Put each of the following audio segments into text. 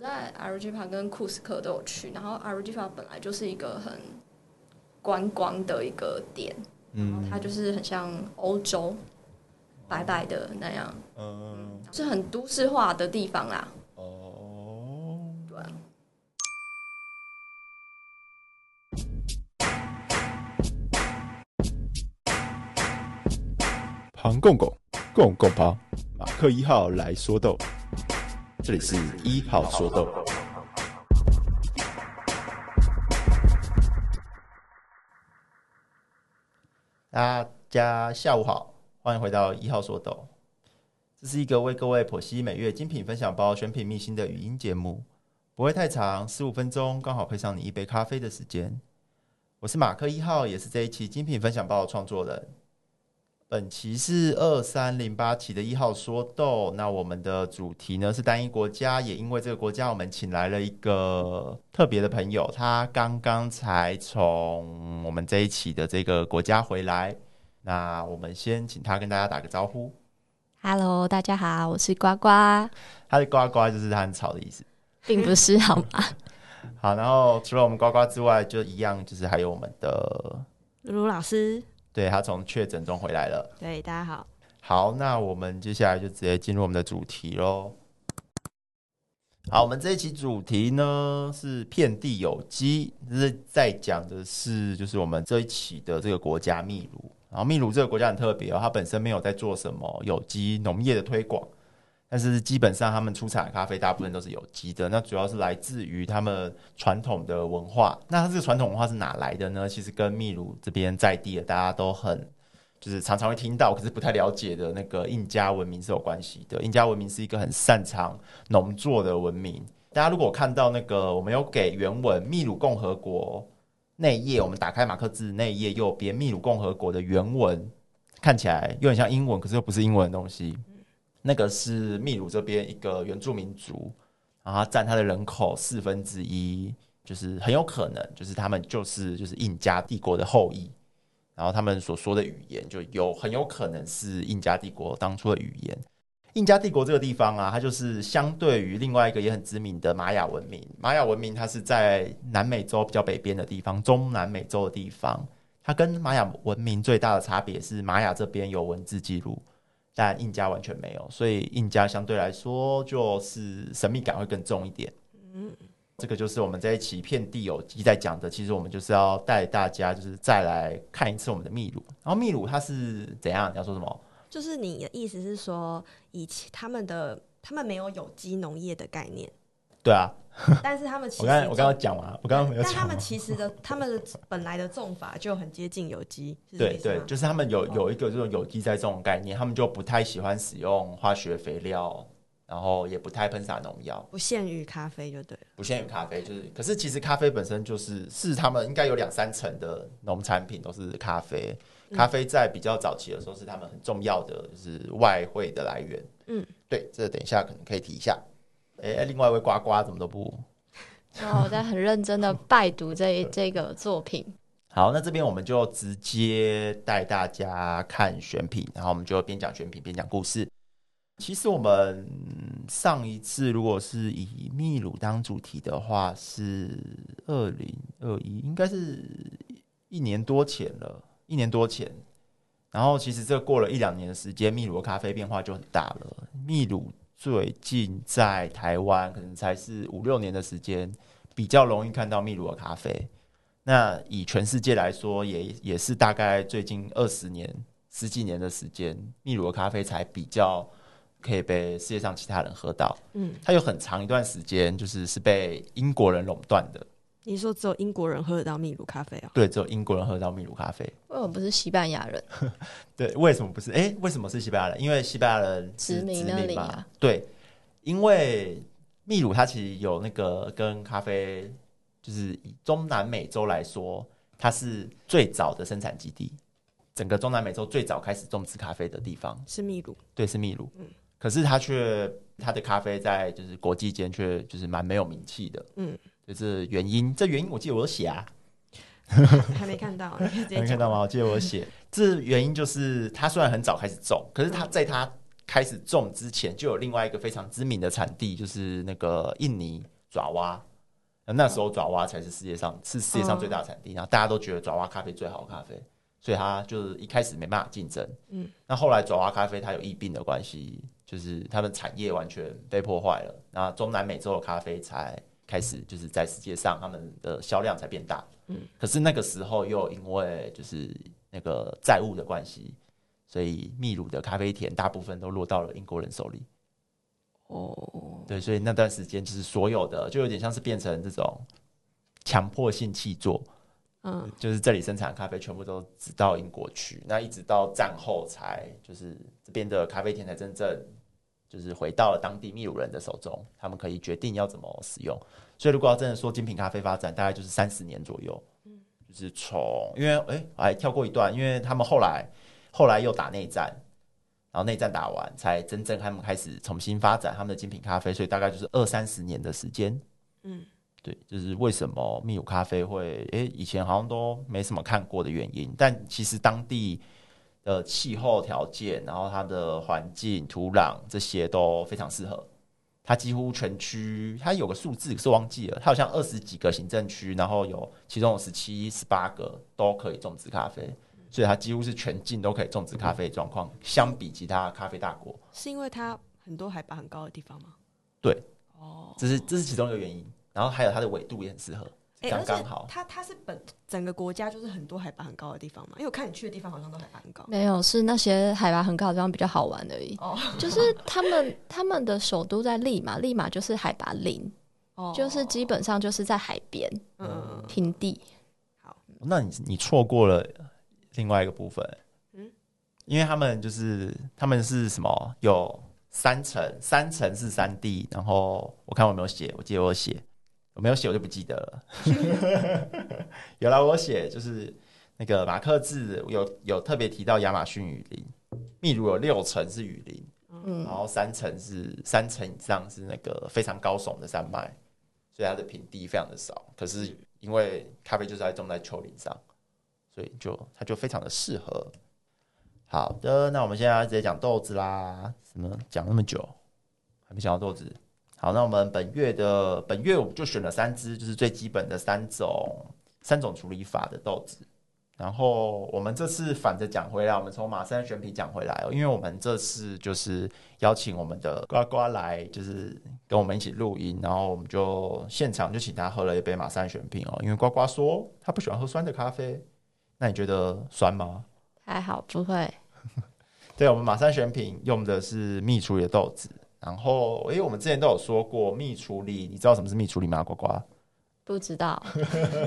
我在阿雷基帕跟庫斯科都有去，然後阿雷基帕本來就是一個很觀光的一個點，嗯，然後它就是很像歐洲白白的那樣，嗯，是很都市化的地方啦。哦，對啊。龐公公公公龐，馬克一號來說豆。這裡是一號說豆，大家下午好，歡迎回到一號說豆。這是一個為各位剖析每月精品分享包選品秘辛的語音節目，不會太長，十五分鐘剛好配上你一杯咖啡的時間。我是馬克一號，也是這一期精品分享包的創作人。本期是二三零八期的一號說豆，那我們的主題呢是單一國家，也因為這個國家，我們請來了一個特別的朋友，他剛剛才從我們這一期的這個國家回來，那我們先請他跟大家打個招呼。Hello，大家好，我是呱呱，他的呱呱就是很吵的意思，並不是好嗎？ 好，然後除了我們呱呱之外，就一樣就是還有我們的魯魯老師。對，他從確診中回來了。對，大家好。好，那我們接下來就直接進入我們的主題嘍。好，我們這一期主題呢是遍地有機，這是在講的是就是我們這一期的這個國家秘魯。然後秘魯這個國家很特別哦，它本身沒有在做什麼有機農業的推廣。但是基本上，他們出產的咖啡大部分都是有機的。那主要是來自於他們傳統的文化。那它這個傳統文化是哪來的呢？其實跟秘魯這邊在地的大家都很，就是常常會聽到，可是不太了解的那個印加文明是有關係的。印加文明是一個很擅長農作的文明。大家如果看到那個，我們有給原文，秘魯共和國內頁，我們打開馬克誌內頁右邊，秘魯共和國的原文，看起來有點像英文，可是又不是英文的東西。那個是秘魯這邊一個原住民族，然後佔他的人口四分之一，就是很有可能，就是他們就是就是印加帝國的後裔。然後他們所說的語言就有很有可能是印加帝國當初的語言。印加帝國這個地方啊，它就是相對於另外一個也很知名的瑪雅文明。瑪雅文明它是在南美洲比較北邊的地方，中南美洲的地方。它跟瑪雅文明最大的差別是，瑪雅這邊有文字記錄。但印加完全沒有，所以印加相對來說就是神秘感會更重一點。嗯，這個就是我們這一期遍地有機在講的。其實我們就是要帶大家就是再來看一次我們的秘魯。然後秘魯它是怎樣？你要說什麼？就是你的意思是說，以前他們的他們沒有有機農業的概念？對啊。 但是他們其實 我剛剛講，我剛我剛剛講完，我剛剛沒有。 但他們其實的，他們的本來的種法就很接近有機。對對，就是他們有有一個這種有機在種的概念、哦，他們就不太喜歡使用化學肥料，然後也不太噴灑農藥。不限於咖啡就對了，不限於咖啡，就是，可是其實咖啡本身就是，是他們應該有兩三成的農產品都是咖啡，嗯。咖啡在比較早期的時候是他們很重要的，就是外匯的來源。嗯，對，這等一下可能可以提一下。欸、另外一位呱呱怎麼都不？那我在很認真的拜讀這 這個作品。好，那這邊我們就直接帶大家看選品，然後我們就邊講選品邊講故事。其實我們上一次如果是以秘魯當主題的話，是二零二一，應該是一年多前了，一年多前。然後其實這過了一兩年的時間，秘魯的咖啡變化就很大了，秘魯。最近在台灣可能才是五六年的時間，比較容易看到秘魯的咖啡。那以全世界來說，也也是大概最近二十年、十幾年的時間，秘魯的咖啡才比較可以被世界上其他人喝到。嗯，它有很長一段時間就是是被英國人壟斷的。你說只有英國人喝得到秘魯咖啡啊？對，只有英國人喝得到秘魯咖啡。為什麼不是西班牙人？ 對，為什麼不是？哎、欸，為什麼是西班牙人？因為西班牙人殖民的那裡啊。對，因為秘魯它其實有那個跟咖啡，就是以中南美洲來說，它是最早的生產基地，整個中南美洲最早開始種植咖啡的地方是秘魯。對，是秘魯。嗯。可是它卻它的咖啡在就是國際間卻就是蠻沒有名氣的。嗯。就是原因，這原因我記得我寫啊，還沒看到， 還沒看到嗎？我記得我寫， 這原因就是，他雖然很早開始種，可是他在他開始種之前，就有另外一個非常知名的產地，嗯、就是那個印尼爪哇。那，那時候爪哇才是世界上是世界上最大的產地，哦，然後大家都覺得爪哇咖啡最好的咖啡，所以他就是一開始沒辦法競爭。嗯，那後來爪哇咖啡它有疫病的關係，就是它的產業完全被破壞了，然後中南美洲的咖啡才，開始就是在世界上，他們的銷量才變大，嗯。可是那個時候又因為就是那個債務的關係，所以秘魯的咖啡田大部分都落到了英國人手裡。哦，對，所以那段時間就是所有的，就有點像是變成這種強迫性契作。嗯、哦，就是這裡生產的咖啡全部都只到英國去，那一直到戰後才就是這邊的咖啡田才真正。就是回到了當地秘魯人的手中，他們可以決定要怎麼使用。所以，如果要真的說精品咖啡發展，大概就是三十年左右。嗯，就是從因為哎，我、欸、還跳過一段，因為他們後來後來又打內戰，然後內戰打完，才真正他們開始重新發展他們的精品咖啡。所以大概就是二三十年的時間。嗯，對，就是為什麼秘魯咖啡會哎、欸、以前好像都沒什麼看過的原因，但其實當地。呃，氣候條件，然後它的環境、土壤這些都非常適合。它幾乎全區，它有個數字，可是忘記了，它好像二十幾個行政區，然後有其中有十七、十八個都可以種植咖啡，所以它幾乎是全境都可以種植咖啡的狀況。相比其他咖啡大國，是因為它很多海拔很高的地方嗎？對，哦，這是這是其中一個原因。然後還有它的緯度也很適合。剛剛好，它它是本整個國家就是很多海拔很高的地方嘛，因、欸、為我看你去的地方好像都海拔很高，沒有是那些海拔很高的地方比較好玩而已。哦，就是他們 他們的首都在利馬，利馬就是海拔零，哦，就是基本上就是在海邊、哦，嗯，平地。好，那你你錯過了另外一個部分，嗯，因為他們就是他們是什麼有三層，三層是山地，然後我看我有沒有寫，我記得我有寫。我沒有寫，我就不記得了 有啦。原來我寫就是那個馬克誌，有有特別提到亞馬遜雨林，秘魯有六成是雨林，嗯、然後三成是三成以上是那個非常高聳的山脈，所以它的平地非常的少。可是因為咖啡就是在種在丘陵上，所以就它就非常的適合。好的，那我們現在要直接講豆子啦，什麼講那麼久還沒想到豆子？好，那我們本月的本月我們就選了三支，就是最基本的三種三種處理法的豆子。然後我們這次反着講回來，我們從馬三選品講回來，因為我們這次就是邀請我們的呱呱來，就是跟我們一起錄音，然後我們就現場就請他喝了一杯馬三選品哦。因為呱呱說他不喜歡喝酸的咖啡，那你覺得酸嗎？還好，不會。 對，我們馬三選品用的是蜜處理的豆子。然後，因為我們之前都有說過蜜處理，你知道什麼是蜜處理嗎？呱呱，不知道。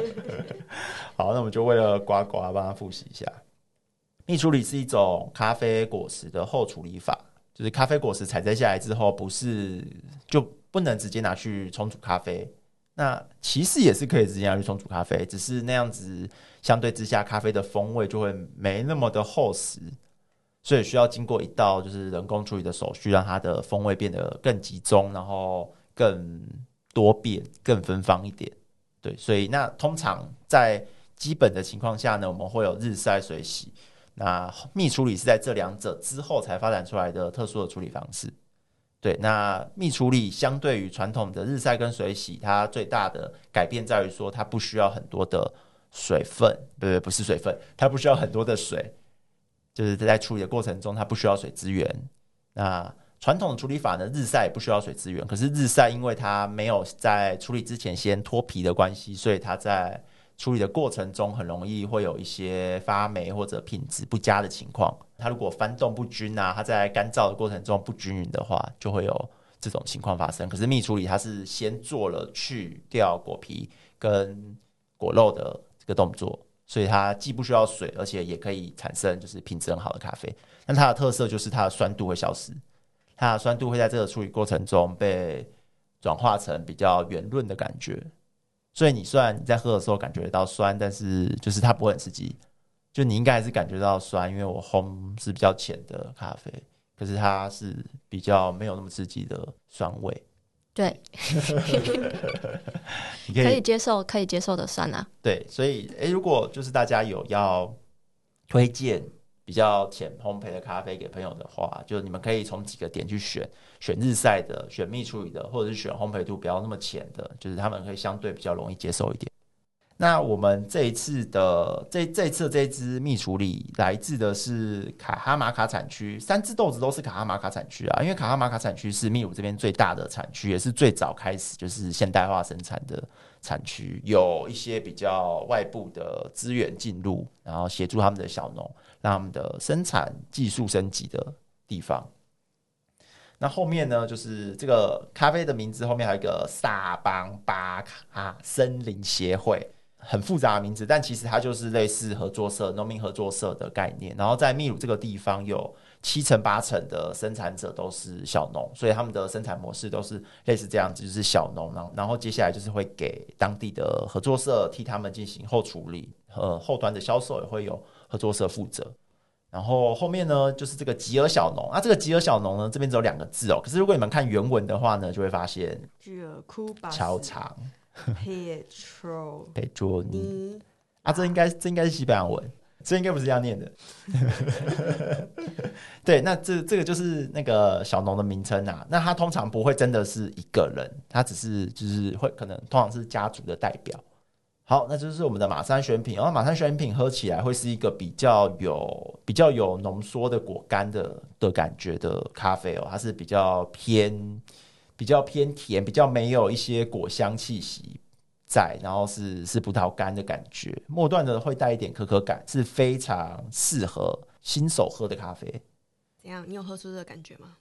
好，那我們就為了呱呱幫他複習一下，蜜處理是一種咖啡果實的後處理法，就是咖啡果實採摘下來之後，不是就不能直接拿去沖煮咖啡？那其實也是可以直接拿去沖煮咖啡，只是那樣子相對之下，咖啡的風味就會沒那麼的厚實。所以需要經過一道，就是人工處理的手續，讓它的風味變得更集中，然後更多變、更芬芳一點。對，所以那通常在基本的情況下呢，我們會有日曬水洗。那蜜處理是在這兩者之後才發展出來的特殊的處理方式。對，那蜜處理相對於傳統的日曬跟水洗，它最大的改變在於說，它不需要很多的水分。對，不對，不是水分，它不需要很多的水。就是在處理的過程中，它不需要水資源。那傳統的處理法呢，日曬也不需要水資源。可是日曬，因為它沒有在處理之前先脫皮的關係，所以它在處理的過程中很容易會有一些發霉或者品質不佳的情況。它如果翻動不均啊，它在乾燥的過程中不均勻的話，就會有這種情況發生。可是蜜處理，它是先做了去掉果皮跟果肉的這個動作。所以它既不需要水，而且也可以產生就是品質很好的咖啡。那它的特色就是它的酸度會消失，它的酸度會在這個處理過程中被轉化成比較圓潤的感覺。所以你雖然你在喝的時候感覺得到酸，但是就是它不會很刺激。就你應該還是感覺到酸，因為我烘是比較淺的咖啡，可是它是比較沒有那麼刺激的酸味。對， 可,可以接受可以接受的算了、啊。對，所以誒、欸，如果就是大家有要推薦比較淺烘焙的咖啡給朋友的話，就你們可以從幾個點去選：選日曬的、選蜜處理的，或者是選烘焙度不要那麼淺的，就是他們可以相對比較容易接受一點。那我們這一次的這這次這支蜜處理來自的是卡哈馬卡產區，三支豆子都是卡哈馬卡產區啊，因為卡哈馬卡產區是秘魯這邊最大的產區，也是最早開始就是現代化生產的產區，有一些比較外部的資源進入，然後協助他們的小農，讓他們的生產技術升級的地方。那後面呢，就是這個咖啡的名字後面還有一個薩邦巴卡森林協會。很複雜的名字，但其實它就是類似合作社、農民合作社的概念。然後在秘魯這個地方，有七成八成的生產者都是小農，所以他們的生產模式都是類似這樣子，就是小農。然後，然後接下來就是會給當地的合作社替他們進行後處理呃，後端的銷售，也會有合作社負責。然後後面呢，就是這個吉爾小農那、啊、這個吉爾小農呢，這邊只有兩個字哦。可是如果你們看原文的話呢，就會發現吉爾庫巴超長。Petronila，Petronila，啊，這應該這應該是西班牙文，這應該不是這樣念的。 對，那這這個就是那個小農的名稱啊。那他通常不會真的是一個人，他只是就是會可能通常是家族的代表。好，那就是我們的馬三選品哦。馬三選品喝起來會是一個比較有比較有濃縮的果乾的的感覺的咖啡哦，它是比較偏。比較偏甜，比較沒有一些果香氣息在，然後是是葡萄乾的感覺，末段的會帶一點可可感，是非常適合新手喝的咖啡。怎樣？你有喝出這個感覺嗎？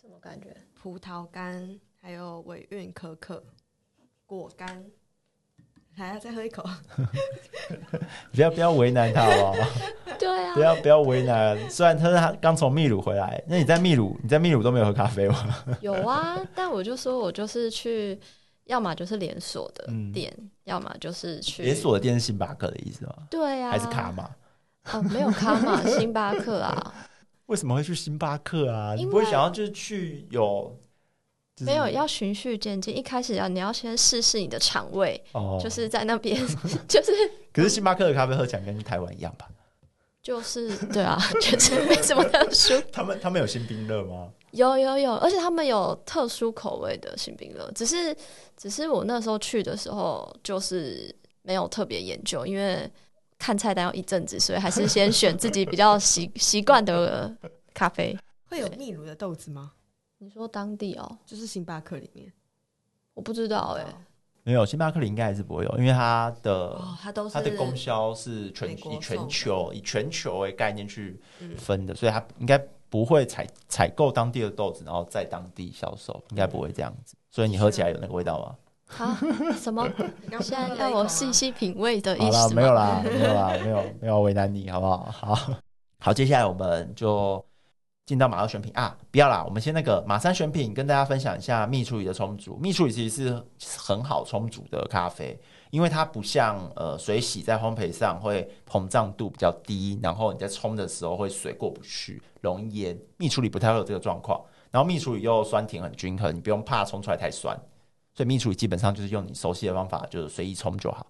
什麼感覺？葡萄乾還有尾韻可可，果乾。還要再喝一口，不要不要為難他好不好？ 對、啊？ 對啊，不要不要為難。雖然他是他剛從秘魯回來，那你在秘魯你在秘魯都沒有喝咖啡嗎？ 有啊，但我就說我就是去，要麼就是連鎖的店，嗯、要麼就是去連鎖的店。是星巴克的意思嗎？對呀、啊，還是卡瑪？哦、啊，沒有卡瑪， 星巴克啊？為什麼會去星巴克啊？你不會想要就是去有。沒有，要循序漸進。一開始要、啊，你要先試試你的腸胃，oh. 就是在那邊，就是。 可是星巴克的咖啡喝起來跟台灣一樣吧？就是，對啊，就是，沒什麼特殊。他們他們有星冰樂嗎？有有有，而且他們有特殊口味的星冰樂。只是只是我那時候去的時候，就是沒有特別研究，因為看菜單要一陣子，所以還是先選自己比較習習慣的咖啡。會有秘魯的豆子嗎？你說當地哦，就是星巴克裡面，我不知道哎、欸，沒有星巴克裡應該還是不會有，因為它的、哦、它都是的它的供銷是全以全球以全球為概念去分的，嗯、所以它應該不會採採購當地的豆子，然後在當地銷售，應該不會這樣子。所以你喝起來有那個味道嗎？嗯、 好，什麼？現在要我細細品味的意思啦？沒有啦，沒有啦，沒有沒有為難你，好不好？好 好，接下來我們就。進到馬二選品啊，不要啦，我們先那個馬三選品，跟大家分享一下蜜處理的沖煮。蜜處理其實是很好沖煮的咖啡，因為它不像呃，水洗在烘焙上會膨脹度比較低，然後你在沖的時候會水過不去，容易淹。蜜處理不太會有這個狀況，然後蜜處理又酸甜很均衡，你不用怕沖出來太酸。所以蜜處理基本上就是用你熟悉的方法，就是隨意沖就好。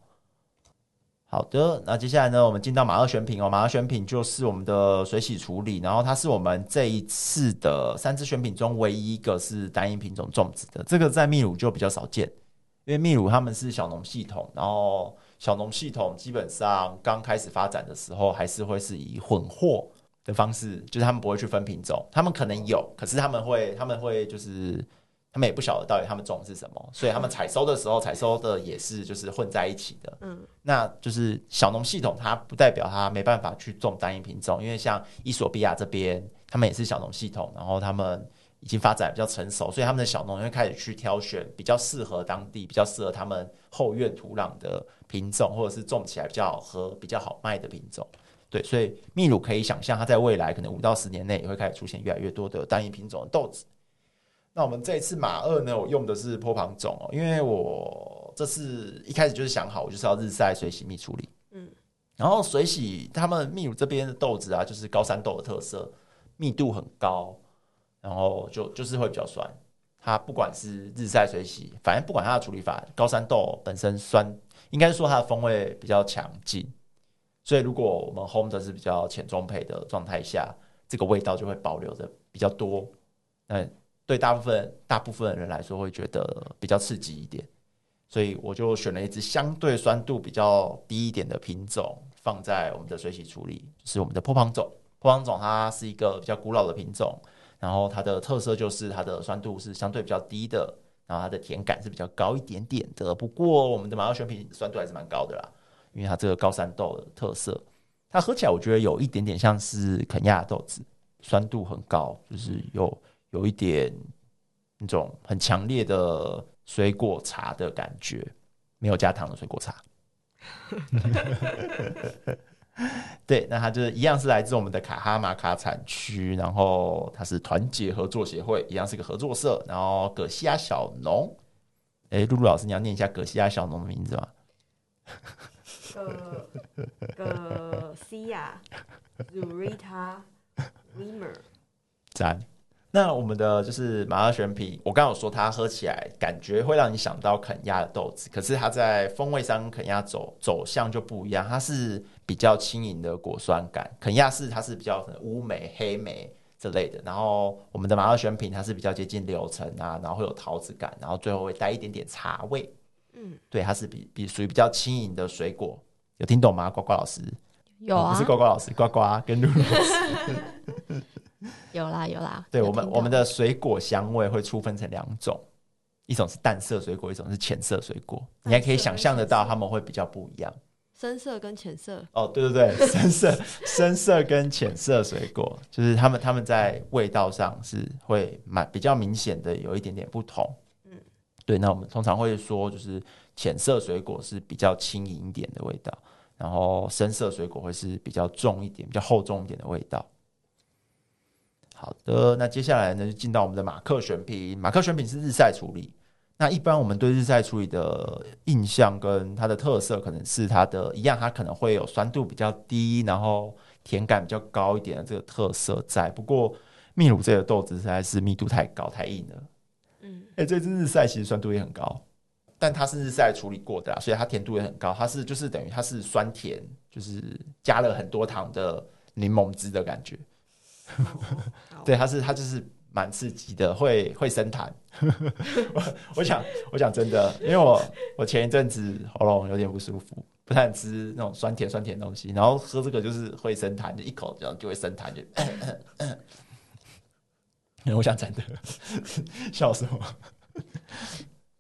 好的，那接下來呢，我們進到馬二選品哦。馬二選品就是我們的水洗處理，然後它是我們這一次的三支選品中唯一一個是單一品種種植的。這個在秘魯就比較少見，因為秘魯他們是小農系統，然後小農系統基本上剛開始發展的時候，還是會是以混貨的方式，就是他們不會去分品種，他們可能有，可是他們會他們會就是。他們也不曉得到底他們種的是什麼，所以他們採收的時候採收的也是就是混在一起的。嗯，那就是小農系統，它不代表它沒辦法去種單一品種，因為像伊索比亞這邊，他們也是小農系統，然後他們已經發展比較成熟，所以他們的小農會開始去挑選比較適合當地、比較適合他們後院土壤的品種，或者是種起來比較好喝、比較好賣的品種。對，所以秘魯可以想象，它在未來可能五到十年內也會開始出現越來越多的單一品種的豆子。那我們這一次馬二呢，我用的是波旁種哦，因為我這次一開始就是想好，我就是要日曬、水洗、蜜處理。嗯，然後水洗他們秘魯這邊的豆子啊，就是高山豆的特色，密度很高，然後就就是會比較酸。它不管是日曬水洗，反正不管它的處理法，高山豆本身酸，應該說它的風味比較強勁。所以如果我們烘的是比較淺中焙的狀態下，這個味道就會保留的比較多。嗯。對大部分大部分人來說，會覺得比較刺激一點，所以我就選了一支相對酸度比較低一點的品種放在我們的水洗處理，就是我們的波旁種。波旁種它是一個比較古老的品種，然後它的特色就是它的酸度是相對比較低的，然後它的甜感是比較高一點點的。不過我們的馬二選品酸度還是蠻高的啦，因為它這個高山豆的特色，它喝起來我覺得有一點點像是肯亞豆子，酸度很高，就是有、嗯。有一點那種很強烈的水果茶的感覺，沒有加糖的水果茶。 對，那它就是一樣是來自我們的卡哈馬卡產區，然後它是團結合作協會，一樣是一個合作社，然後葛西亞小農。哎，露露老師，你要念一下葛西亞小農的名字嗎？葛西亞，Zurita Wilmer，讚。那我們的就是馬二選品，我剛剛有說它喝起來感覺會讓你想到肯亞的豆子，可是它在風味上跟肯亞走走向就不一樣，它是比較輕盈的果酸感，肯亞是它是比較烏梅、黑莓這類的，然後我們的馬二選品它是比較接近柳橙啊，然後會有桃子感，然後最後會帶一點點茶味，嗯，對，它是比比屬於比較輕盈的水果，有聽懂嗎？呱呱老師，有我、啊嗯、是呱呱老師，呱呱跟露露老師。 有啦有啦，對我們我們的水果香味會粗分成兩種，一種是淡色水果，一種是淺色,色,色水果。你還可以想象得到，他們會比較不一樣。深色跟淺色哦，對對對，深色 深色跟淺色水果，就是他們它們在味道上是會蠻比較明顯的有一點點不同。嗯，對，那我們通常會說，就是淺色水果是比較輕盈一點的味道，然後深色水果會是比較重一點、嗯、比較厚重一點的味道。好的，那接下來呢就進到我們的馬克選品。馬克選品是日曬處理。那一般我們對日曬處理的印象跟它的特色，可能是它的一樣，它可能會有酸度比較低，然後甜感比較高一點的這個特色在。不過秘魯這個豆子實在是密度太高、太硬了。嗯，哎、欸，這支日曬其實酸度也很高，但它是日曬處理過的啊，所以它甜度也很高。它是就是等於它是酸甜，就是加了很多糖的檸檬汁的感覺。 對，它是，它就是蠻刺激的，會會生痰。 我，我想我想真的，因為我我前一陣子喉嚨有點不舒服，不太吃那種酸甜酸甜的東西，然後喝這個就是會生痰，就一口這樣就會生痰，就咳咳咳。我想真的笑死我。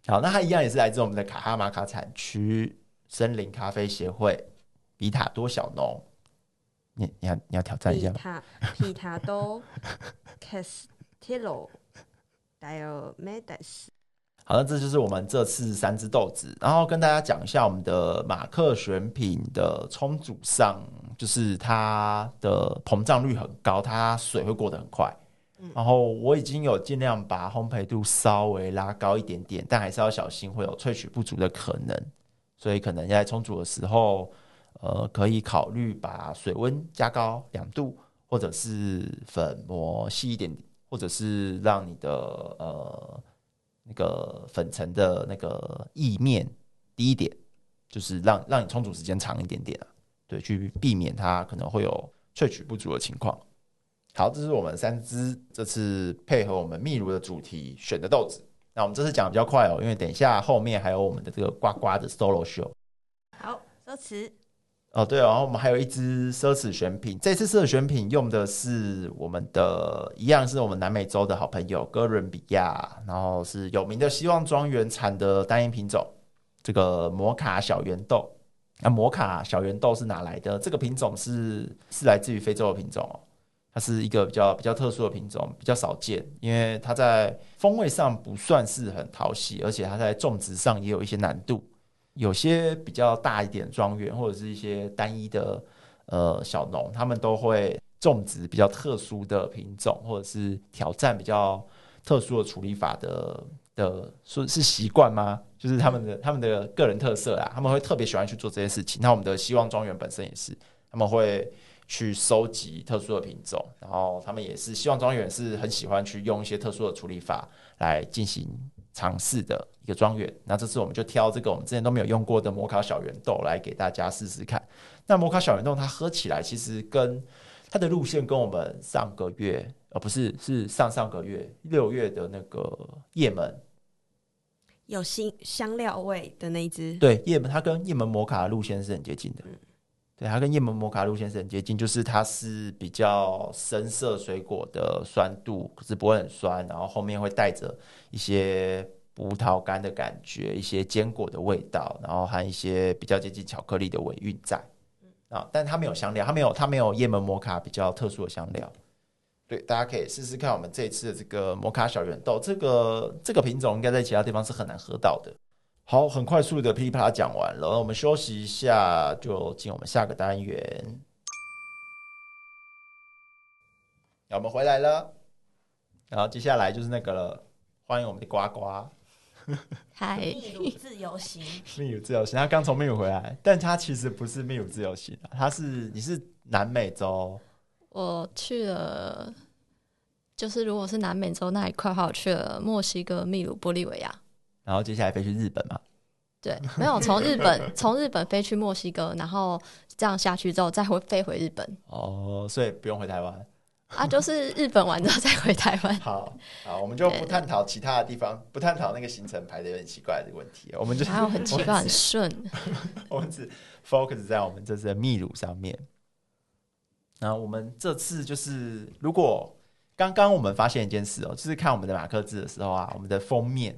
好，那它一樣也是來自我們的卡哈馬卡產區，森林咖啡協會，比塔多小農。你你要你要挑戰一下嗎？皮塔皮塔多 Castillo Diomedes。好了，那這就是我們這次三只豆子。然後跟大家講一下我們的馬克選品的沖煮上，就是它的膨脹率很高，它水會過得很快。嗯、然後我已經有盡量把烘焙度稍微拉高一點點，但還是要小心會有萃取不足的可能。所以可能在沖煮的時候。呃，可以考慮把水溫加高兩度，或者是粉磨細一點點，或者是讓你的呃那個粉層的那個液面低一點，就是讓讓你沖煮時間長一點點啊，對，去避免它可能會有萃取不足的情況。好，這是我們三支這次配合我們秘魯的主題選的豆子。那我們這次講得比較快哦，因為等一下後面還有我們的這個呱呱的 solo show。好，收詞。哦，對哦，然後，我們還有一支奢侈選品，這次奢侈選品用的是我們的，一樣是我們南美洲的好朋友哥倫比亞，然後是有名的希望莊園產的單一品種，這個摩卡小圓豆。那、啊、摩卡小圓豆是哪來的？這個品種是是來自於非洲的品種哦，它是一個比較比較特殊的品種，比較少見，因為它在風味上不算是很討喜，而且它在種植上也有一些難度。有些比較大一點的莊園，或者是一些單一的呃小農，他們都會種植比較特殊的品種，或者是挑戰比較特殊的處理法的的說是習慣嗎？就是他們的他們的個人特色啊，他們會特別喜歡去做這些事情。那我們的希望莊園本身也是，他們會去收集特殊的品種，然後他們也是希望莊園是很喜歡去用一些特殊的處理法來進行，嘗試的一個莊園。那這次我們就挑這個我們之前都沒有用過的摩卡小圓豆來給大家試試看。那摩卡小圓豆它喝起來其實跟它的路線跟我們上個月啊、哦、不是，是上上個月六月的那個葉門有辛香料味的那一只，對，葉門它跟葉門摩卡的路線是很接近的。對，它跟葉門摩卡路線是很接近，就是它是比較深色水果的酸度，可是不會很酸，然後後面會帶着一些葡萄乾的感覺，一些堅果的味道，然後還一些比較接近巧克力的尾韻在。啊，但它沒有香料，它沒有它沒有葉門摩卡比較特殊的香料。對，大家可以試試看我們這一次的這個摩卡小圓豆，這個這個品種應該在其他地方是很難喝到的。好，很快速的噼啪講完了，我們休息一下，就進我們下個單元。啊，我們回來了，然後接下來就是那個了，歡迎我們的呱呱。嗨， 祕魯自由行。 祕魯自由行，他剛從祕魯回來，但他其實不是祕魯自由行，他是你是南美洲。我去了，就是如果是南美洲那一塊，我去了墨西哥、祕魯、玻利維亞。然後接下來飛去日本嘛？對，沒有，從日本 從日本飛去墨西哥，然後這樣下去之後再回飛回日本哦，所以不用回台灣 啊，就是日本玩之後再回台灣。好，好，我們就不探討其他的地方，不探討那個行程排的有點奇怪的問題。我們就是還有很奇怪很順， 我們只 focus 在我們這次的秘魯上面。然後我們這次就是，如果剛剛我們發現一件事哦、喔，就是看我們的馬克誌的時候啊，我們的封面。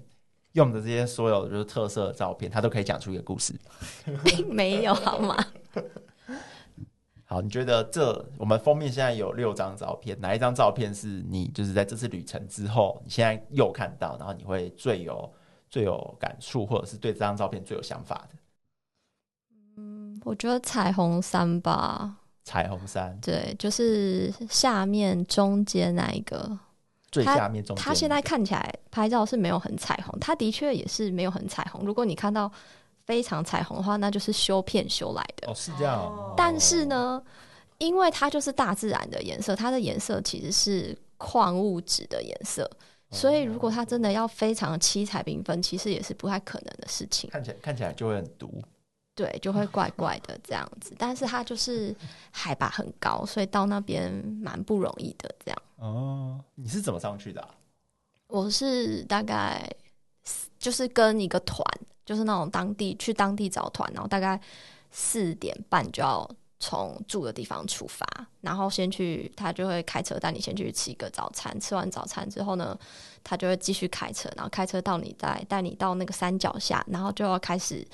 用的這些所有就是特色的照片，他都可以講出一個故事， 並沒有，好嗎？ 好，你覺得這我們封面現在有六張照片，哪一張照片是你就是在這次旅程之後，你現在又看到，然後你會最有最有感觸，或者是對這張照片最有想法的？嗯，我覺得彩虹山吧。彩虹山，對，就是下面中間那一個？最下面它它現在看起來拍照是沒有很彩虹，它的確也是沒有很彩虹。如果你看到非常彩虹的話，那就是修片修來的。哦，是這樣。但是呢，哦、因為它就是大自然的顏色，它的顏色其實是礦物質的顏色、嗯，所以如果它真的要非常七彩繽紛，其實也是不太可能的事情。看起來看起來就會很毒，對，就會怪怪的這樣子。 但是它就是海拔很高，所以到那邊蠻不容易的這樣。哦，你是怎麼上去的啊？我是大概就是跟一個團，就是那種當地去當地找團，然後大概四點半就要從住的地方出發，然後先去他就會開車帶你先去吃一個早餐，吃完早餐之後呢，他就會繼續開車，然後開車到你帶，帶你到那個山腳下，然後就要開始。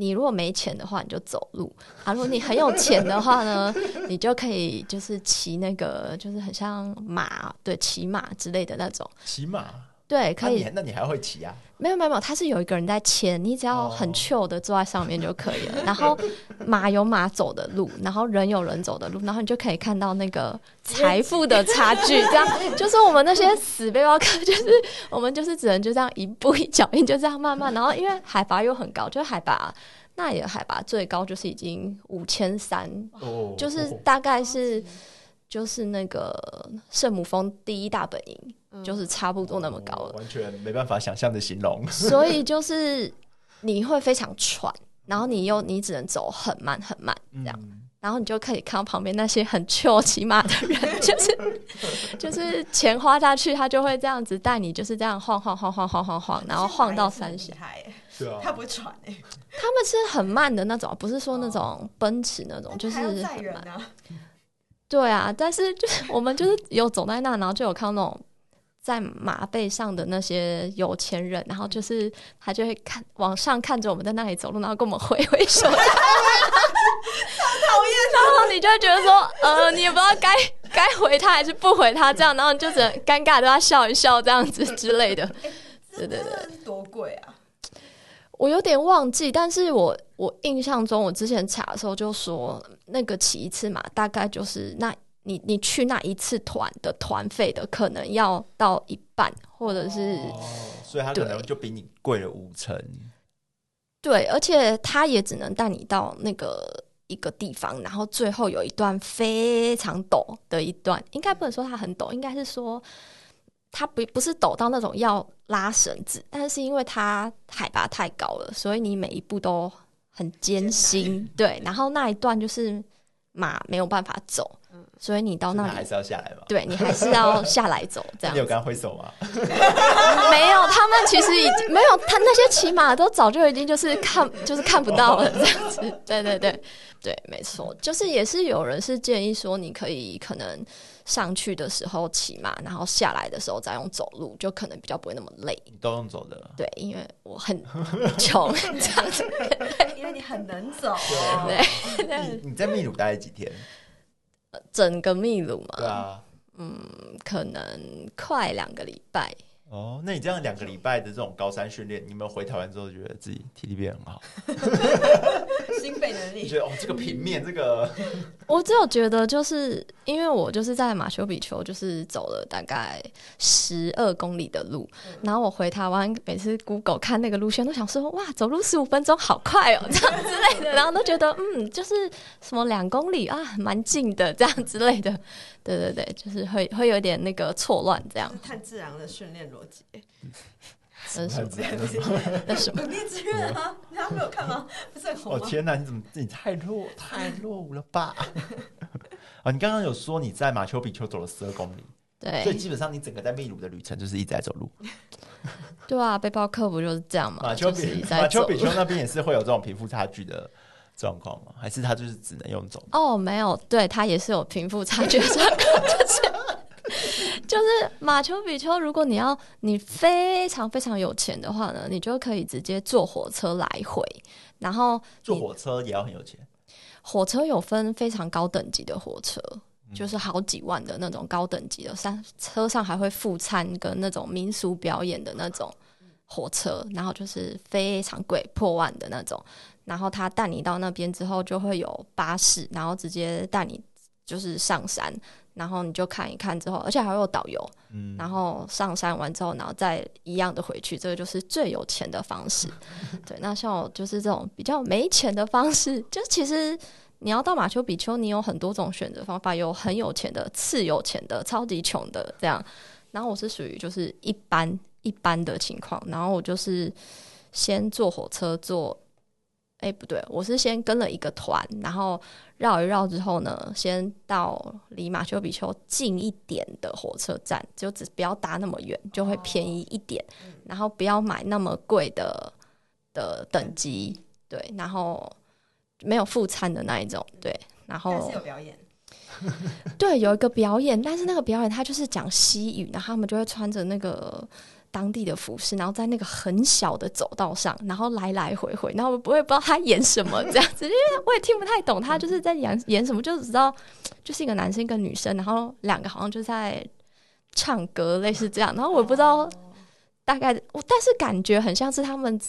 你如果沒錢的話，你就走路；啊，如果你很有錢的話呢， 你就可以就是騎那個，就是很像馬，對，騎馬之類的那種。騎馬。對，可以、啊。那你還會騎啊？沒有沒有沒有，他是有一個人在牽，你只要很 chill 的坐在上面就可以了。哦、 然後馬有馬走的路，然後人有人走的路，然後你就可以看到那個財富的差距。這樣 就是我們那些死背包客，就是我們就是只能就這樣一步一腳印，就這樣慢慢、哦。然後因為海拔又很高，就海拔那裡的海拔最高就是已經五千三，就是大概是就是那個聖母峰第一大本營。嗯、就是差不多那麼高了，哦，完全沒辦法想象的形容。 所以就是你會非常喘，然後你又你只能走很慢很慢這樣，嗯、然後你就可以看到旁邊那些很窮騎馬的人， 就是就是錢花下去，他就會這樣子帶你，就是這樣晃，晃晃晃晃晃晃晃，然後晃到三十，欸、啊，他不會喘哎、欸，他們是很慢的那種，不是說那種奔馳那種，哦，就是很慢啊，對啊，但是就是我們就是有走在那，然後就有看到那種。在馬背上的那些有錢人，然後就是他就會看往上看着我們在那裡走路，然後跟我們揮揮手，超討厭。然後你就會覺得說，呃，你也不知道該該回他還是不回他，這樣， 然後你就只能尷尬的對他笑一笑，這樣子之類的。對對對，欸、多貴啊！我有點忘記，但是我我印象中，我之前查的時候就說，那個騎一次馬大概就是那。你你去那一次團的團費的可能要到一半，或者是哦，所以他可能就比你貴了五成對。對，而且他也只能帶你到那個一個地方，然後最後有一段非常陡的一段，應該不能說它很陡，應該是說它不不是陡到那種要拉繩子，但是因為它海拔太高了，所以你每一步都很艱辛。對，然後那一段就是馬沒有辦法走。所以你到那裡還是要下來吧？對你還是要下來走這樣。 你有剛揮手嗎、 嗯？沒有，他們其實已經沒有，他那些騎馬都早就已經就是看就是看不到了這樣子。對對對對，沒錯，就是也是有人是建議說你可以可能上去的時候騎馬，然後下來的時候再用走路，就可能比較不會那麼累。你都用走的？對，因為我很窮這樣子， 因為你很能走、啊。對,對對，你,你在秘魯待了幾天？整個秘魯嘛，對啊，嗯，可能快兩個禮拜哦。那你這樣兩個禮拜的這種高山訓練，你有沒有回台灣之後覺得自己體力變很好？心 肺 能力？你覺得哦，這個平面，這個 我只有覺得就是。因為我就是在馬丘比丘，就是走了大概十二公里的路，嗯，然後我回台灣，每次 Google 看那個路線，都想說哇，走路十五分鐘好快哦， 這樣之類的，然後都覺得嗯，就是什麼兩公里啊，蠻近的，這樣之類的。對對對，就是會會有點那個錯亂這樣。看自然的訓練邏輯，什、嗯、麼？什麼？你志願有看嗎？不 算。哦天哪，你怎麼自己太落 太落伍了吧？ 啊、哦，你剛剛有說你在馬丘比丘走了十二公里，對，所以基本上你整個在秘魯的旅程就是一直在走路。對啊，背包客不就是這樣嗎？馬丘比、就是、馬丘比丘那邊也是會有這種貧富差距的狀況嗎？還是他就是只能用走？哦，沒有，對，他也是有貧富差距的狀況， 就是就是馬丘比丘，如果你要你非常非常有錢的話呢，你就可以直接坐火車來回，然後坐火車也要很有錢。火車有分非常高等級的火車，就是好幾萬的那種高等級的，但車上還會附餐跟那種民俗表演的那種火車，然後就是非常貴破萬的那種，然後他帶你到那邊之後就會有巴士，然後直接帶你就是上山。然後你就看一看之後，而且還有導遊。嗯，然後上山完之後，然後再一樣的回去，這個就是最有錢的方式。對，那像我就是這種比較沒錢的方式，就其實你要到馬丘比丘，你有很多種選擇方法，有很有錢的、次有錢的、超級窮的這樣。然後我是屬於就是一般一般的情況，然後我就是先坐火車坐。哎、欸，不對，我是先跟了一個團，然後繞一繞之後呢，先到離馬丘比丘近一點的火車站，就只不要搭那麼遠，就會便宜一點。哦、然後不要買那麼貴的的等級、嗯，對，然後沒有副餐的那一種，對，然後有表演， 對，有一個表演，但是那個表演他就是講西語，然後他們就會穿着那個。當地的服飾，然後在那個很小的走道上，然後來來回回，然後我不會不知道他演什麼這樣子，因為我也聽不太懂他就是在演演什麼，就只知道就是一個男生一個女生，然後兩個好像就在唱歌，類似這樣，然後我也不知道大概，我、oh. 但是感覺很像是他們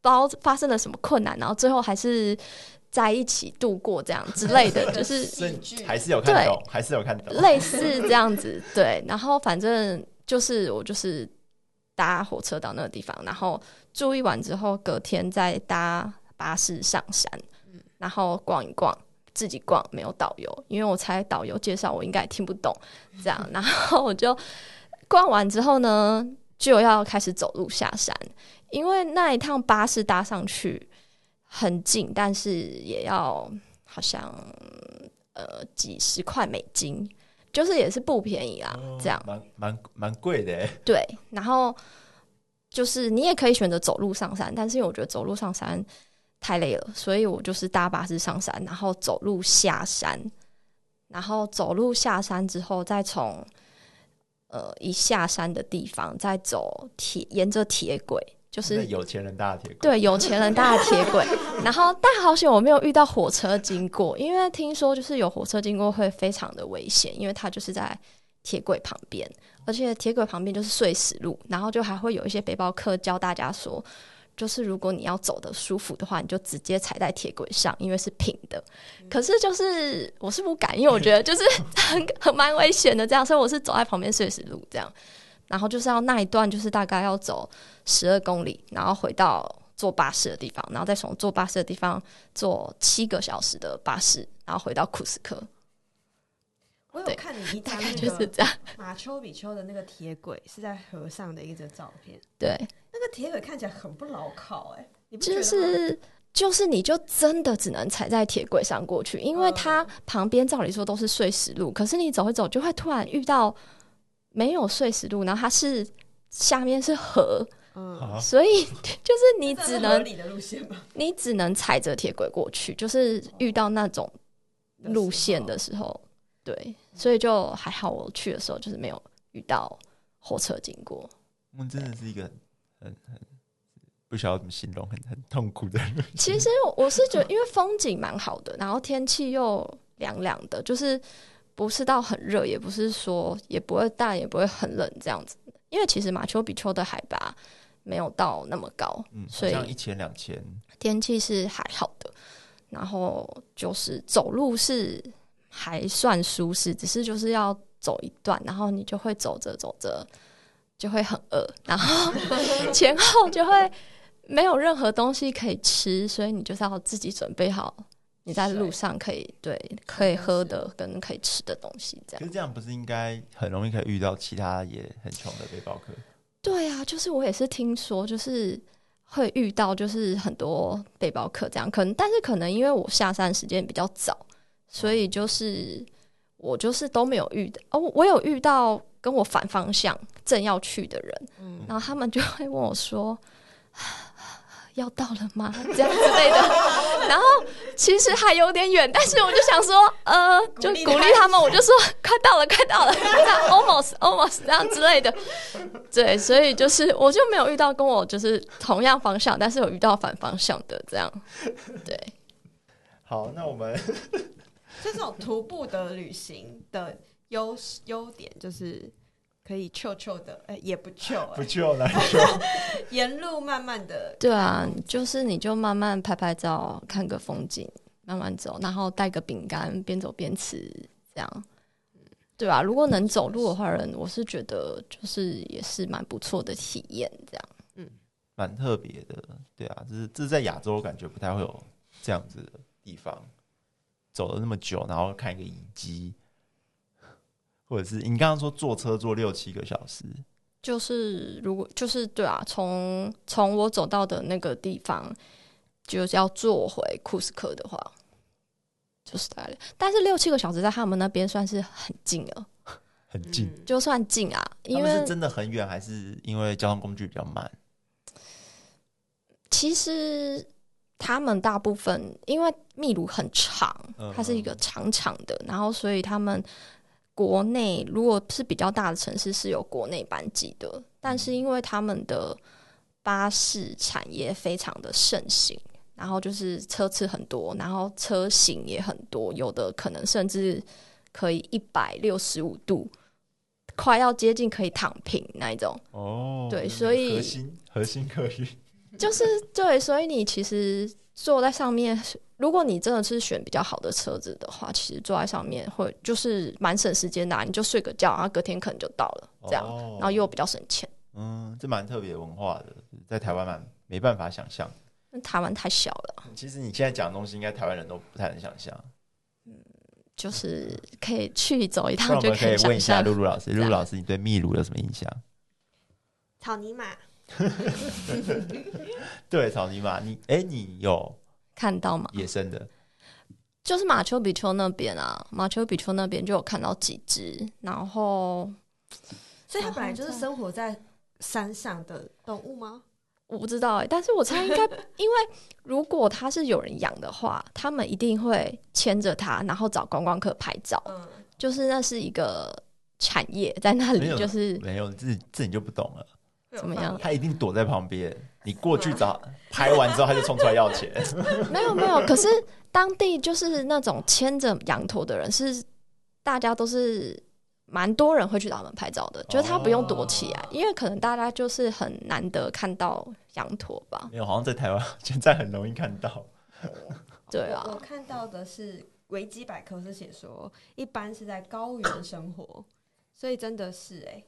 包發生了什麼困難，然後最後還是在一起度過這樣之類的，就是 所以還是有看懂，還是有看懂，類似這樣子對，然後反正就是我就是。搭火車到那個地方，然後住一晚之後，隔天再搭巴士上山，嗯、然後逛一逛，自己逛，沒有導遊，因為我猜導遊介紹我應該也聽不懂，嗯、這樣，然後我就逛完之後呢，就要開始走路下山，因為那一趟巴士搭上去很近，但是也要好像呃幾十塊美金。就是也是不便宜啊，哦、這樣。蠻蠻蠻貴的。對，然後就是你也可以選擇走路上山，但是因為我覺得走路上山太累了，所以我就是搭巴士上山，然後走路下山，然後走路下山之後再，再從呃一下山的地方再走鐵，沿着鐵軌。就是有錢人搭的鐵軌，對，有錢人搭的鐵軌。 然後但好險我沒有遇到火車經過，因為聽說就是有火車經過會非常的危險，因為它就是在鐵軌旁邊，而且鐵軌旁邊就是碎石路，然後就還會有一些背包客教大家說，就是如果你要走得舒服的話，你就直接踩在鐵軌上，因為是平的。可是就是我是不敢，因為我覺得就是很 很蠻危險的這樣，所以我是走在旁邊碎石路這樣，然後就是要那一段就是大概要走十二公里，然後回到坐巴士的地方，然後再從坐巴士的地方坐七個小時的巴士，然後回到庫斯科。我有看你一大概就是這樣，馬丘比丘的那個鐵軌是在河上的一張照片， 對，那個鐵軌看起來很不牢靠哎、欸就是，就是就是，你就真的只能踩在鐵軌上過去，因為它旁邊照理說都是碎石路、嗯，可是你走一走就會突然遇到沒有碎石路，然後它是下面是河。嗯、所以就是你只能你只能踩着鐵軌過去。就是遇到那種路線的時候，對，所以就還好。我去的時候就是沒有遇到火車經過。我、嗯、們真的是一個很很、很不曉得怎麼形容，很很痛苦的人。其實我是覺得，因為風景蠻好的，然後天氣又涼涼的，就是不是到很熱，也不是說也不會大，也不會很冷這樣子。因為其實馬丘比丘的海拔。沒有到那麼高，嗯，所以像一千兩千。天氣是還好的，然後就是走路是還算舒適，只是就是要走一段，然後你就會走着走着就會很餓，然後前後就會沒有任何東西可以吃，所以你就是要自己準備好你在路上可以對可以喝的跟可以吃的東西。這樣可是這樣不是應該很容易可以遇到其他也很窮的背包客？對啊，就是我也是聽說，就是會遇到就是很多背包客這樣可能，但是可能因為我下山時間比較早，所以就是我就是都沒有遇到哦，我有遇到跟我反方向正要去的人，嗯，然後他們就會問我說，唉。要到了嗎？這樣之類的，然後其實還有點遠。 但是我就想說，呃，就鼓勵他們， 我就說快到了，快到了，almost，almost、 啊、almost, 這樣之類的。對，所以就是我就沒有遇到跟我就是同樣方向，但是有遇到反方向的這樣。對，好，那我們 這種徒步的旅行的優勢優點就是。可以臭臭的，哎、欸，也不臭、欸、不臭難糗。 沿路慢慢的，對啊，就是你就慢慢拍拍照，看個風景，慢慢走，然後帶個餅乾，邊走邊吃，這樣，對吧、啊？如果能走路的話，人我是覺得就是也是蠻不錯的體驗，這樣，嗯，蠻特別的，對啊，就是這、就是在亞洲，我感覺不太會有這樣子的地方，走了那麼久，然後看一個遺跡。或者是你剛剛說坐車坐六七個小時，就是如果就是對啊，從從我走到的那個地方，就是要坐回庫斯科的話，就是在，但是六七個小時在他們那邊算是很近了，很近，嗯、就算近啊，因為是真的很遠，還是因為交通工具比較慢？其實他們大部分因為秘魯很長，它是一個長長的，嗯、然後所以他們。國內如果是比較大的城市是有國內班機的，但是因為他們的巴士產業非常的盛行，然後就是車次很多，然後車型也很多，有的可能甚至可以一百六十五度，快要接近可以躺平那一種。哦，對，所以核心，核心核心客運就是對，所以你其實坐在上面。如果你真的是選比較好的車子的話，其實坐在上面會就是蠻省時間的、啊，你就睡個覺，然後隔天可能就到了，這樣，哦，然後又比較省錢。嗯，這蠻特別的文化的，在台灣蠻沒辦法想象那台灣太小了。其實你現在講的東西，應該台灣人都不太能想象。嗯，就是可以去走一趟就可以。嗯，可以問一下露露老師，露露老師，你對秘魯有什麼印象？草泥馬。 對，草泥馬，你誒、欸，你有。看到嗎？野生的，就是馬丘比丘那邊啊，馬丘比丘那邊就有看到幾隻，然後，所以它本來就是生活在山上的動物嗎？我不知道哎、欸，但是我猜應該， 因為如果它是有人養的話，他們一定會牽着它，然後找觀光、光客拍照、嗯，就是那是一個產業，在那裡就是沒有，這這你就不懂了，怎麼樣？嗯、他一定躲在旁邊。你過去找拍完之後，他就衝出來要錢、啊。 沒有沒有，可是當地就是那種牽着羊駝的人，是大家都是蠻多人會去找他們拍照的，覺、就、得、是、他不用躲起來、哦，因為可能大家就是很難得看到羊駝吧。沒有，好像在台灣現在很容易看到 對啊，我看到的是維基百科是寫說，一般是在高原生活， 所以真的是哎、欸。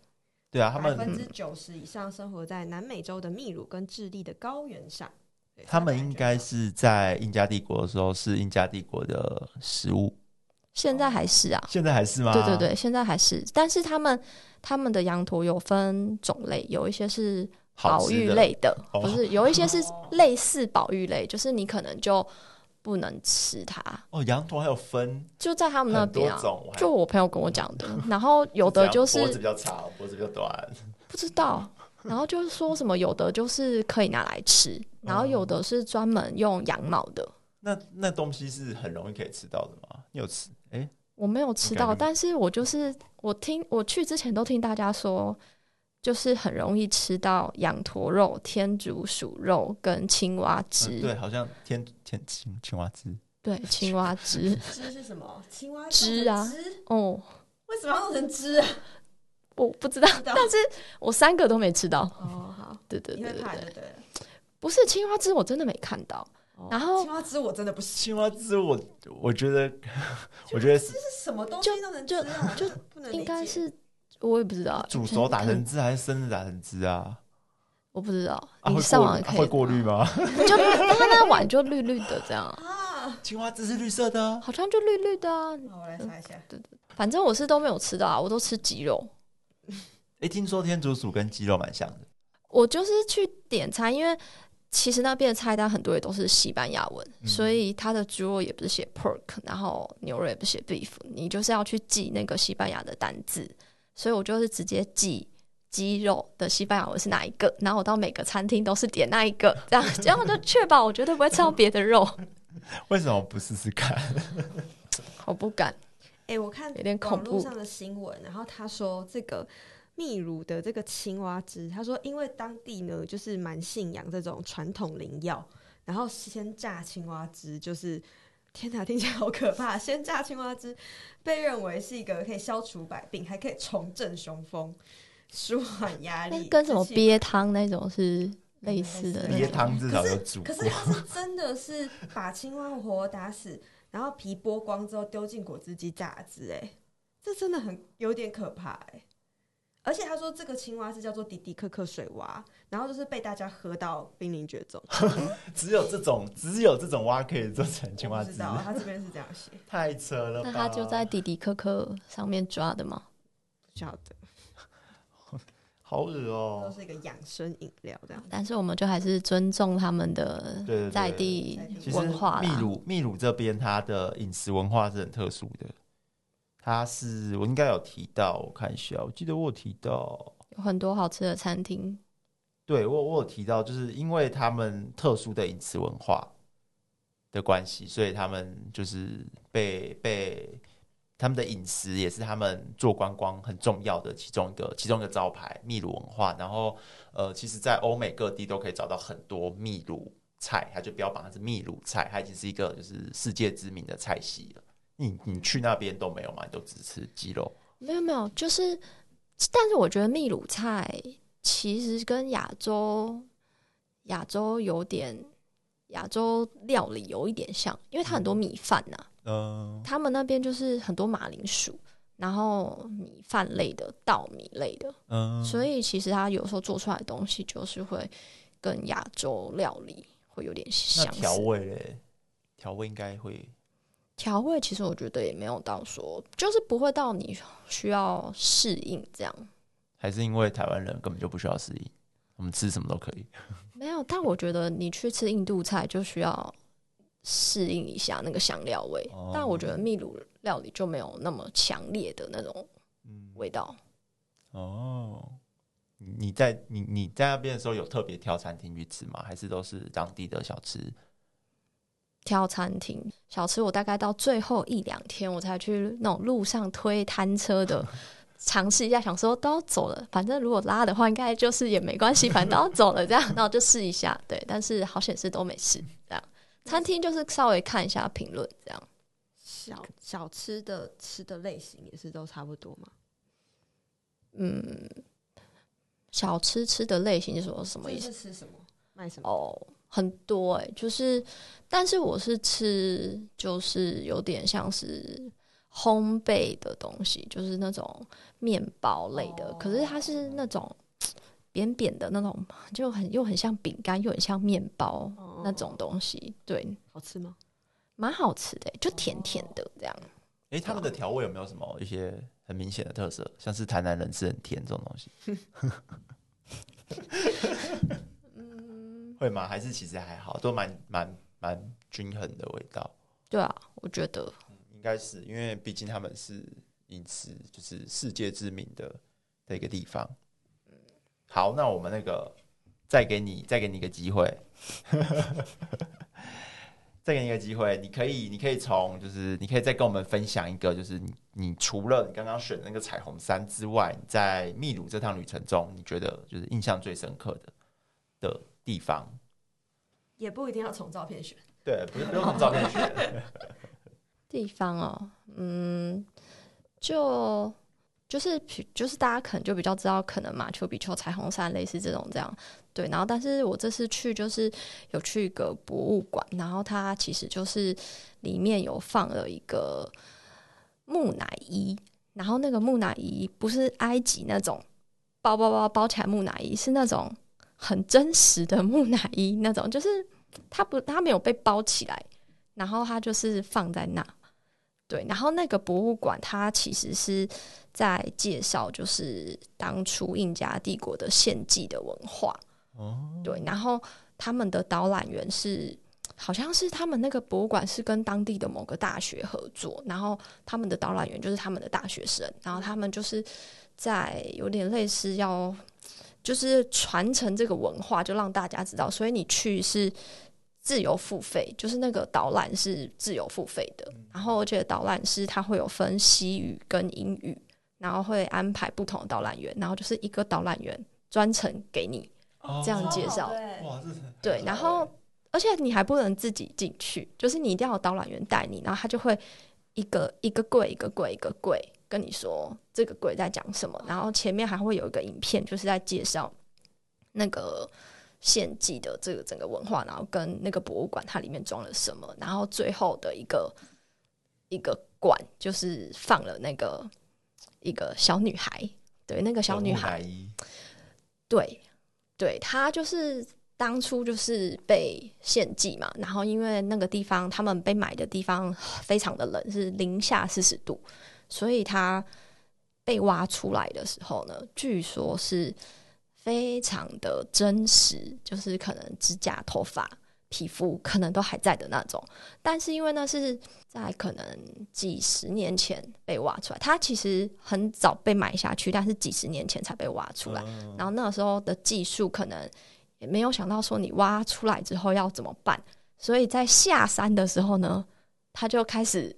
對啊，他們百分之九十以上生活在南美洲的秘魯跟智利的高原上。他們應該是在印加帝國的時候，是印加帝國的食物，現在還是啊？現在還是嗎？對對對，現在還是。但是他們他們的羊駝有分種類，有一些是保育類的，不是，就是有一些是類似保育類，哦、就是你可能就。不能吃它。哦，羊駝還有分，就在他們那邊啊，就我朋友跟我講的，然後有的就是脖子比較長，脖子比較短，不知道。然後就是說什麼有的就是可以拿來吃，然後有的是專門用羊毛的。那那東西是很容易可以吃到的嗎？你有吃？哎，我沒有吃到，但是我就是我聽我去之前都聽大家說。就是很容易吃到羊駝肉、天竺鼠肉跟青蛙汁。嗯、對，好像天天青青蛙汁。對，青蛙汁青蛙汁，青蛙汁是什麼？青蛙汁啊？汁？哦，為什麼要弄成汁啊？我不知道。知道但是，我三個都沒吃到。哦，好，對對對對對，不是青蛙汁，我真的沒看到，哦。然後，青蛙汁我真的不是青蛙汁我，我我覺得， 我覺得這是什麼東西都能汁嗎？不能應該是。 我也不知道，煮熟打成汁還是生的打成汁啊？我不知道，啊、你上網看、啊、會過濾、啊、嗎？ 就他 那碗就綠綠的這樣啊。青蛙汁是綠色的、啊，好像就綠綠的、啊啊。我來查一下，反正我是都沒有吃到、啊，我都吃雞肉。一、欸、聽說天竺鼠跟雞肉蠻像的。 我就是去點餐，因為其實那邊的菜單很多也都是西班牙文，嗯、所以它的豬肉也不是寫 pork，然後牛肉也不是寫 beef，你就是要去記那個西班牙的單字。所以我就是直接記雞肉的西班牙文是哪一個，然後我到每個餐廳都是點那一個，這樣這樣我就確保我絕對不會吃到別的肉。 為什麼不試試看？我不敢。哎，我看有點恐怖。網路上的新聞，然後他說這個秘魯的這個青蛙汁，他說因為當地呢就是蠻信仰這種傳統靈藥，然後先榨青蛙汁就是。天哪、啊，聽起來好可怕！鮮榨青蛙汁，被認為是一個可以消除百病，還可以重振雄風、舒緩壓力、欸，跟什麼鱉湯那種是類似的那。鱉湯至少要煮可，可是它真的是把青蛙活打死， 然後皮剝光之後丟進果汁機榨汁？哎，這真的很有點可怕！哎，而且他說這個青蛙是叫做迪迪克克水蛙。然後就是被大家喝到瀕臨絕種， 只有這種 只有這種蛙可以做成青蛙。 知道他、啊、 這邊是這樣寫，太扯了吧？那他就在的的喀喀上面抓的嗎？不曉得， 好噁哦、喔。都是一個養生飲料這樣，但是我們就還是尊重他們的在地文化對對對秘魯。秘魯秘魯這邊它的飲食文化是很特殊的，他是我應該有提到，我看一下，我記得我有提到有很多好吃的餐廳。對我，我有提到，就是因為他們特殊的飲食文化的關係，所以他們就是被被他們的飲食也是他們做觀光很重要的其中一個其中一個招牌秘魯文化。然後，呃，其實，在歐美各地都可以找到很多秘魯菜，它就標榜它是秘魯菜，它已經是一個就是世界知名的菜系了。你你去那邊都沒有嘛？你都只吃雞肉？沒有沒有，就是，但是我覺得秘魯菜。其實跟亞洲、亞洲有點亞洲料理有一點像，因為它很多米飯呐、啊嗯。嗯，他們那邊就是很多馬鈴薯，然後米飯類的、稻米類的。嗯，所以其實它有時候做出來的東西就是會跟亞洲料理會有點像。調味嘞，調味應該會。調味其實我覺得也沒有到說，就是不會到你需要適應這樣。還是因為台灣人根本就不需要適應，我們吃什麼都可以 。沒有，但我覺得你去吃印度菜就需要適應一下那個香料味。哦、但我覺得秘魯料理就沒有那麼強烈的那種味道。嗯、哦，你在你你在那邊的時候有特別挑餐廳去吃嗎？還是都是當地的小吃？挑餐廳小吃，我大概到最後一兩天我才去那種路上推攤車的。 嘗試一下，想說都要走了，反正如果拉的話，應該就是也沒關係， 反正都要走了這樣，那我就試一下。對，但是好險是都沒事。這樣，餐廳就是稍微看一下評論這樣。小小吃的吃的類型也是都差不多嗎？嗯，小吃吃的類型就是說什麼意思？是吃什麼？賣什麼？哦，很多哎、欸，就是，但是我是吃，就是有點像是。烘焙的東西就是那種麵包類的。哦，可是它是那種扁扁的那種，就很又很像餅乾，又很像麵包、哦、那種東西。對，好吃嗎？蠻好吃的，就甜甜的這樣。誒、哦欸，他們的調味有沒有什麼一些很明顯的特色？啊？像是台南人吃很甜這種東西？嗯 會嗎？還是其實還好，都蠻蠻蠻均衡的味道。對啊，我覺得。應該是因為，畢竟他們是因此就是世界知名的的一個地方。嗯，好，那我們那個再給你再給你一個機會，再給你一個機會, 會，你可以你可以從就是你可以再跟我們分享一個，就是你除了你剛剛選的那個彩虹山之外，你在秘魯這趟旅程中，你覺得就是印象最深刻的的地方，也不一定要從照片選，對，不,不用從照片選。 地方哦，嗯，就就是就是大家可能就比較知道，可能馬丘比丘、彩虹山類似這種這樣，對。然後，但是我這次去就是有去一個博物館，然後它其實就是裡面有放了一個木乃伊，然後那個木乃伊不是埃及那種包包包包，包，包起來木乃伊，是那種很真實的木乃伊，那種就是它不它沒有被包起來，然後它就是放在那。對，然後那個博物館它其實是在介紹，就是當初印加帝國的獻祭的文化。Uh-huh. 對，然後他們的導覽員是，好像是他們那個博物館是跟當地的某個大學合作，然後他們的導覽員就是他們的大學生，然後他們就是在有點類似要，就是傳承這個文化，就讓大家知道，所以你去是。自由付費，就是那個導覽是自由付費的，然後我覺得導覽師他會有分西語跟英語，然後會安排不同的導覽員，然後就是一個導覽員專程給你、哦、這樣介紹。對。然後而且你還不能自己進去，就是你一定要有導覽員帶你，然後他就會一個一個櫃、一個櫃、一個櫃跟你說這個櫃在講什麼，然後前面還會有一個影片，就是在介紹那個。獻祭的這個整個文化，然後跟那個博物館它裡面裝了什麼，然後最後的一個一個館就是放了那個一個小女孩，對，那個小女孩，嗯嗯嗯、對，對，她就是當初就是被獻祭嘛，然後因為那個地方他們被埋的地方非常的冷，是零下四十度，所以她被挖出來的時候呢，據說是。非常的真實，就是可能指甲、頭髮、皮膚可能都還在的那種。但是因為那是在可能幾十年前被挖出來，它其實很早被埋下去，但是幾十年前才被挖出來。嗯、然後那個時候的技術可能也沒有想到說你挖出來之後要怎麼辦，所以在下山的時候呢，他就開始，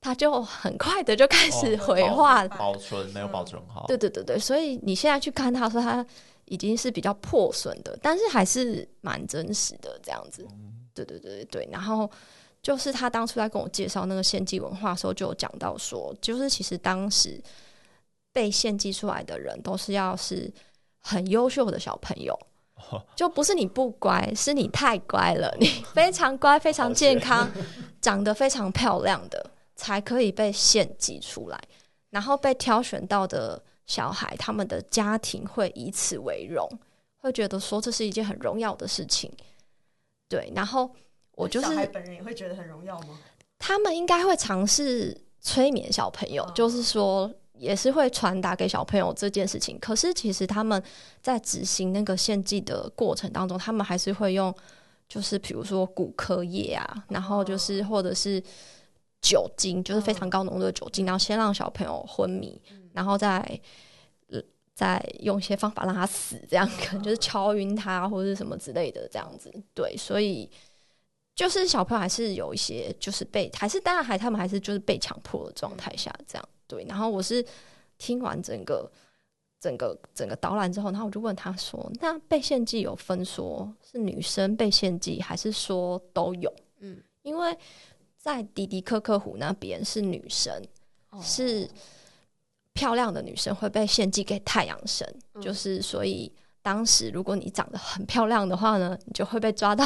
他就很快的就開始毀化、哦，保存沒有保存好。嗯、對對對對，所以你現在去看他說他。已經是比較破損的，但是還是蠻真實的這樣子。對對對對。然後就是他當初在跟我介紹那個獻祭文化的時候，就有講到說，就是其實當時被獻祭出來的人，都是要是很優秀的小朋友，就不是你不乖，是你太乖了，你非常乖、非常健康、長得非常漂亮的，才可以被獻祭出來，然後被挑選到的。小孩他們的家庭會以此為榮，會覺得說這是一件很榮耀的事情。對，然後我就是小孩本人也會覺得很榮耀嗎？他們應該會嘗試催眠小朋友，哦、就是說也是會傳達給小朋友這件事情。哦、可是其實他們在執行那個獻祭的過程當中，他們還是會用，就是比如說古柯葉啊、哦，然後就是或者是酒精，就是非常高濃度的酒精，哦、然後先讓小朋友昏迷。然後再，再、呃、用一些方法讓他死，這樣、哦、可能就是敲暈他或者是什麼之類的，這樣子。對，所以就是小朋友還是有一些，就是被還是當然還他們還是就是被強迫的狀態下這樣。對，然後我是聽完整個整個整個導覽之後，然後我就問他說：“那被獻祭有分說是女生被獻祭，還是說都有？”嗯，因為在的的喀喀湖那邊是女生、哦、是。漂亮的女生會被獻祭給太陽神、嗯，就是所以當時如果你長得很漂亮的話呢，你就會被抓到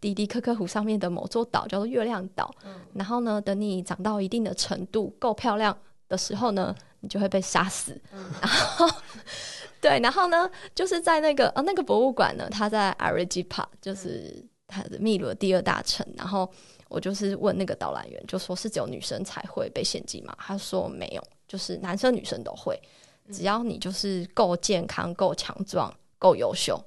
的的喀喀湖上面的某座島，叫做月亮島、嗯。然後呢，等你長到一定的程度，夠漂亮的時候呢，你就會被殺死、嗯。然後， 對，然後呢，就是在那個啊、哦、那個博物館呢，它在 Arequipa，就是它的秘魯的第二大城、嗯。然後我就是問那個導覽員，就說是只有女生才會被獻祭嘛，他說沒有。就是男生女生都會，只要你就是夠健康、夠強壯、夠優秀、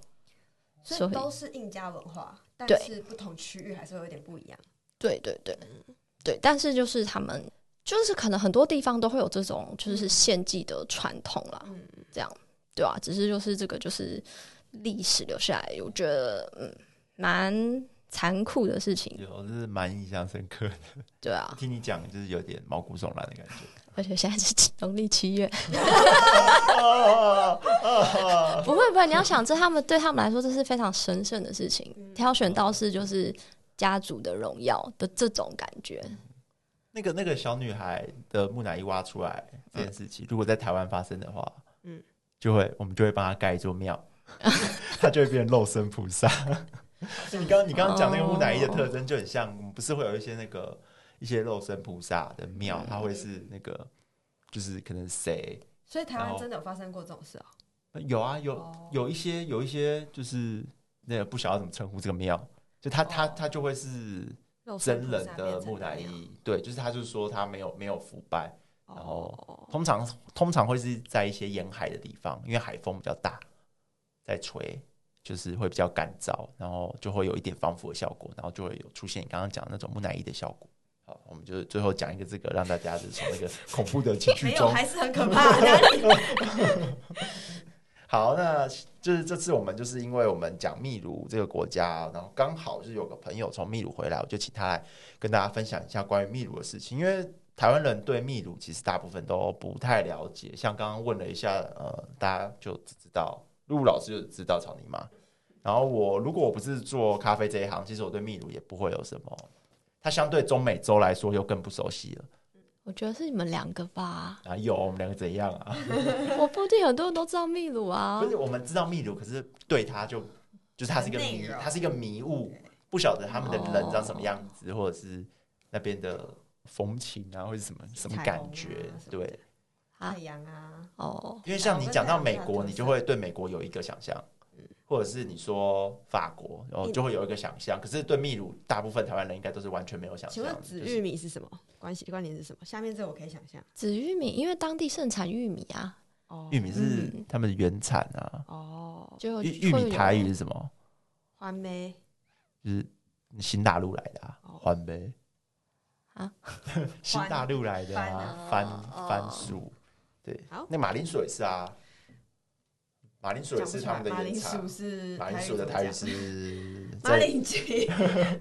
嗯，所以都是印加文化，但是不同區域還是會有點不一樣。對對對、嗯、對，但是就是他們就是可能很多地方都會有這種就是獻祭的傳統啦，嗯、這樣對啊。只是就是這個就是歷史留下來，我覺得嗯蠻殘酷的事情，我是蠻印象深刻的。對啊，聽你講就是有點毛骨悚然的感覺。而且現在是農曆七月、 啊，啊啊啊， 不會不會，你要想，這他們、嗯、對他們來說，這是非常神聖的事情。嗯、挑選到是就是家族的榮耀的這種感覺。那個那個小女孩的木乃伊挖出來這件事情，嗯、如果在台灣發生的話，嗯、就會我們就會幫她蓋一座廟，嗯、 她就會變成肉身菩薩、 嗯。 你剛你剛剛講那個木乃伊的特徵，就很像，哦、我們不是會有一些那個。一些肉身菩薩的廟、嗯，它會是那個，就是可能誰，所以台灣真的有發生過這種事啊？有啊，有、oh. 有一些有一些就是那個不曉得怎麼稱呼這個廟，就他他他就會是真人的木乃伊，對，就是他就是說他沒有沒有腐敗，oh. 然後通常通常會是在一些沿海的地方，因為海風比較大，在吹，就是會比較乾燥，然後就會有一點防腐的效果，然後就會有出現你剛剛講的那種木乃伊的效果。我們就是最後講一個這個，讓大家就是從那個恐怖的情緒中， 沒有還是很可怕。 好，那就是這次我們就是因為我們講秘魯這個國家，然後剛好是有個朋友從秘魯回來，我就請他來跟大家分享一下關於秘魯的事情。因為台灣人對秘魯其實大部分都不太了解，像剛剛問了一下，呃，大家就只知道陸老師就知道草泥馬，然後我如果我不是做咖啡這一行，其實我對秘魯也不會有什麼。它相對中美洲來說又更不熟悉了。我覺得是你們兩個吧。啊有，我們兩個怎樣啊？ 我附近很多人都知道秘魯啊。可是我們知道秘魯，可是對它就就是它是一個迷，它是一個迷霧，不曉得他們的人長什麼樣子，oh. 或者是那邊的風情啊，或者什麼什麼感覺，啊、對。太陽啊，哦，因為像你講到美國，oh. 你就會對美國有一個想象。或者是你說法國，然、喔、後就會有一個想象。可是對秘魯，大部分台灣人應該都是完全沒有想象。請問紫玉米是什麼關係、就是？關聯是什麼？下面這我可以想象，紫玉米，因為當地盛產玉米啊，哦、玉米是他們的原產啊，哦，就，就玉米台語是什麼？番麥，就是新大陸來的，番麥啊，新大陸來的，番番，番薯，哦、對，好，那馬鈴薯也是啊。馬鈴薯是他們的演茶，馬鈴薯的台是馬鈴薯。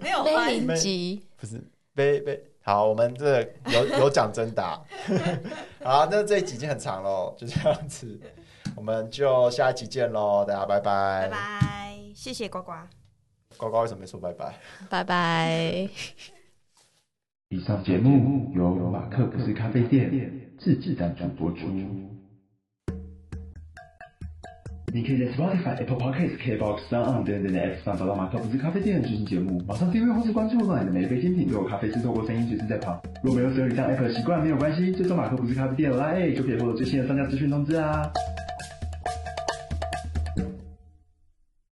沒有馬鈴雞，不是貝貝。好，我們這有有講真答。 好，那這一集已經很長嘍，就這樣子，我們就下一集見嘍，大家拜拜，拜拜，bye bye, 謝謝呱呱。呱呱，為什麼沒說拜拜？拜拜。Bye bye 以上節目由,由馬克不是咖啡店自制的主播出。.你可以在 S2, Spotify、Apple Podcasts、KBox、SoundOn 等等的 App 上找到馬克不是咖啡店的最新節目。馬上訂閱或是關注我，讓你的每一杯精品都有咖啡師透過聲音隨時在旁。如果沒有使用以上 App 的習慣，沒有關係，就搜馬克不是咖啡店的拉、欸、就可以獲得最新的商家諮詢通知啦。